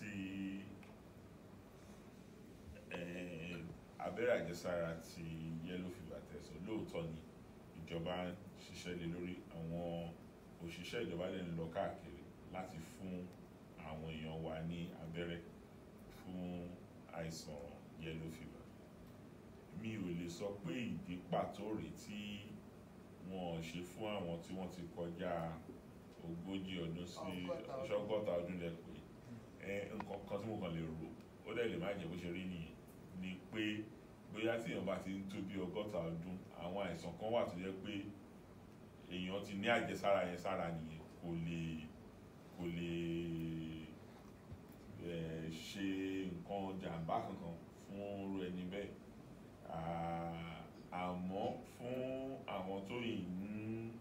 tí abẹ́rẹ́ àjẹsára ti yellow fever tẹ̀sán lóòótọ́ ni ìjọba ń ṣiṣẹ́ lé lórí àwọn òṣìṣẹ́ ìjọba lè ń lọ káàkiri láti fún àwọn èèyàn wa ní abẹ́rẹ́ fún àìsàn yellow fever mi ò lè sọ pé ìdí pàtó rèé tí wọn ò ṣe fún àwọn tí wọ́n ti kọjá ogójì ọdún sí ọgọ́ta ọdún lẹ́pẹ́ nǹkan kan tí mo kàn lè rò ó dẹ̀ lè má jẹ́ bó ṣe rí nìyẹn ni pé bóyá tí èèyàn bá ti ń tó bí ọgọ́ta ọdún àwọn àìsàn kan wà tó jẹ́ pé èèyàn ti ní àjẹsára yẹn sára nìyẹn kò lè kò lè ṣe nǹkan jàǹbá kankan fún irú ẹni bẹ́ẹ̀ àmọ́ fún àwọn tó ń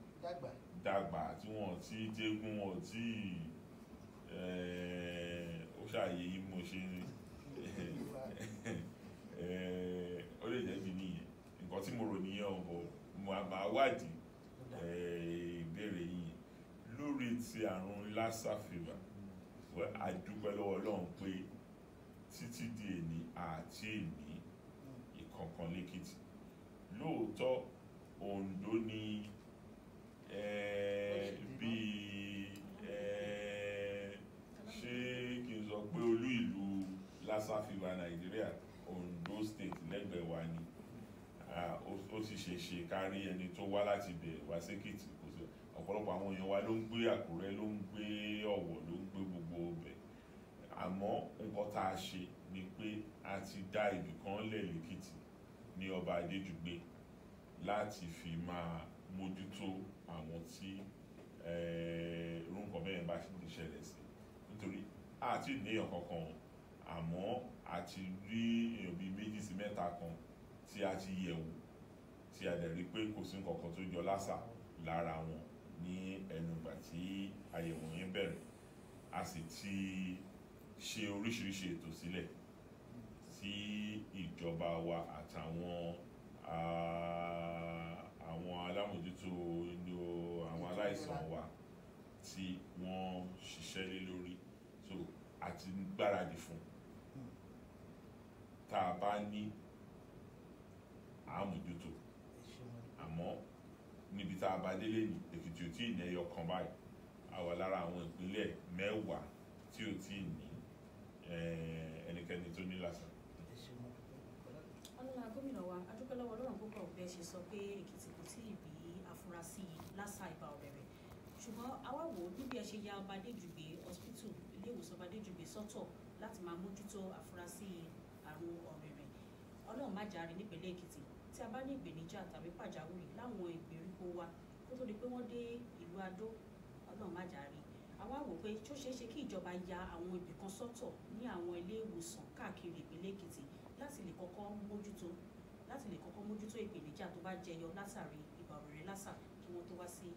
dàgbà tí wọ́n ti dégún wọ́n ti ẹ̀ẹ́ ààyè yìí mo ṣe eh, ó lè jẹ́ mi nìyẹn nǹkan tí mo rò nìyẹn ọ̀bọ̀ mo máa wádìí eh, ìbéèrè yìí lórí ti àrùn lassa fever a dúpẹ́ lọ́wọ́ Ọlọ́run pé títí di èní àti èní ìkọ̀ọ̀kan lẹ́kìtì lóòótọ́ Oǹdó ni. Eh, aṣáfihàn nàìjíríà Ondo state lẹ́gbẹ̀ẹ́ wa ni ó ti ṣe ṣe kárí ẹni tó wá láti bẹ̀rẹ̀ wá sékìtì kò sí ọ̀pọ̀lọpọ̀ àwọn èèyàn wa ló ń gbé àkúrẹ́ ló ń gbé ọ̀wọ̀ ló ń gbé gbogbo ọbẹ̀ àmọ́ nǹkan tá a ṣe ni pé a ti dá ibì kan lẹ̀ lẹ́kìtì ní ọba adéjúgbé láti fi máa mójútó àwọn tí irú nǹkan bẹ́ẹ̀ bá ṣẹlẹ̀ sí nítorí àti ìdíyàn kankan àmọ́ a ti rí èèyàn bíi méjì sí mẹ́ta kan tí a ti yẹ̀ wò tí a dẹ̀ rí pé kò sí nǹkan kan tó jọ lásà lára wọn ní ẹnu ìgbà tí àyẹ̀wò yẹn bẹ̀rẹ̀ a sì ti ṣe oríṣiríṣi ètò sílẹ̀ tí ìjọba wa àtàwọn àwọn alámòjútó àwọn aláìsàn wa tí wọ́n ṣiṣẹ́ lé lórí so àti gbáradì fún un tá a bá ní àmójútó àmọ́ níbi tá a bá délé ní Èkìtì ò tí ì ní ẹyọ kan báyìí a wà lára àwọn ìpínlẹ̀ mẹ́wàá tí ò tí ì ní eh, ẹnikẹ́ni tó ní làṣà. ọlọ́lá gómìnà wa adúpẹ́lọ́wọ́ ọlọ́run púpọ̀ bẹ́ẹ̀ ṣe sọ pé Èkìtì kò tí ì bí afurasí lásà ìbà ọ̀rẹ́rẹ́ ṣùgbọ́n àwa wò níbi ẹ ṣe ya Ọba Adéjùgbé hospital ilé ìwòsàn Ọba Adéjùgbé sọ́tọ̀ láti máa mójútó afurasí àrùn ọ̀rẹ̀rẹ̀ ọlọ́run má jàre nípínlẹ̀ èkìtì tí a bá ní ìpèníjà tàbí pàjáwìrì láwọn ìgbèríko wa kó tó di pé wọ́n dé ìlú adó ọlọ́run má jàre àwa wò pé tó ṣeé ṣe kí ìjọba ya àwọn ibì kan sọ́tọ̀ ní àwọn ilé ìwòsàn káàkiri ìpínlẹ̀ èkìtì láti lè kọ́kọ́ mójútó láti lè kọ́kọ́ mójútó ìpèníjà tó bá jẹyọ látàrí ìgbà òrèrè lásà kí wọ́n tó wá sí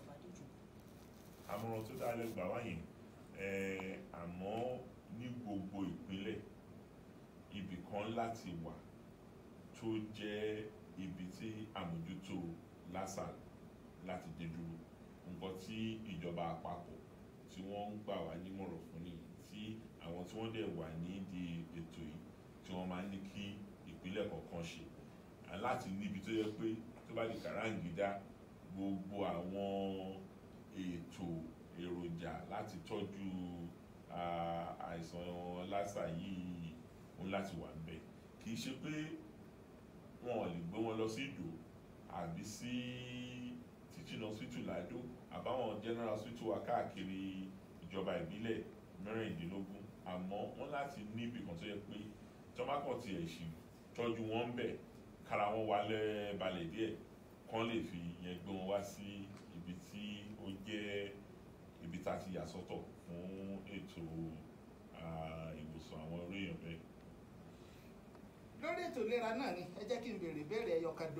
ọ̀bàdìjọ. àmọ̀ràn tó dáa lè gbà wáyé àmọ́ ní gbogbo ìpínlẹ̀ ibì kan láti wà tó jẹ́ ibi tí àmójútó lásàl láti dé dúró nǹkan tí ìjọba àpapọ̀ tí wọ́n ń gbà wá nímọ̀ràn fún nìyí tí àwọn tí wọ́n dẹ̀ wà nídìí ètò yìí tí wọ́n máa ń ní kí ìpínlẹ̀ kọ̀ọ̀kan ṣe láti níbi tó yẹ pé tó bá di kàráǹgídá gbogbo àwọn ètò èròjà láti tọ́jú àìsàn lásà yìí ó láti wà níbẹ̀ kì í ṣe pé wọn ò lè gbé wọn lọ sí ìdò àbí sí teaching hospital ládó àbáwọn general hospital wa káàkiri ìjọba ìbílẹ̀ mẹ́rìndínlógún àmọ́ wọ́n láti ní ibì kan tó yẹ pé tọ́mákọ̀ ti ẹ̀ṣì tọ́jú wọn ń bẹ̀ kára wọn wálẹ̀ balẹ̀ díẹ̀ kán lè fi yẹn gbé wọn wá sí ibi tí ó jẹ́ ibi tá a ti yà sọ́tọ̀ fún ètò ìlera náà ni ẹ jẹ́ kí n béèrè ìbéèrè ẹyọ dòní.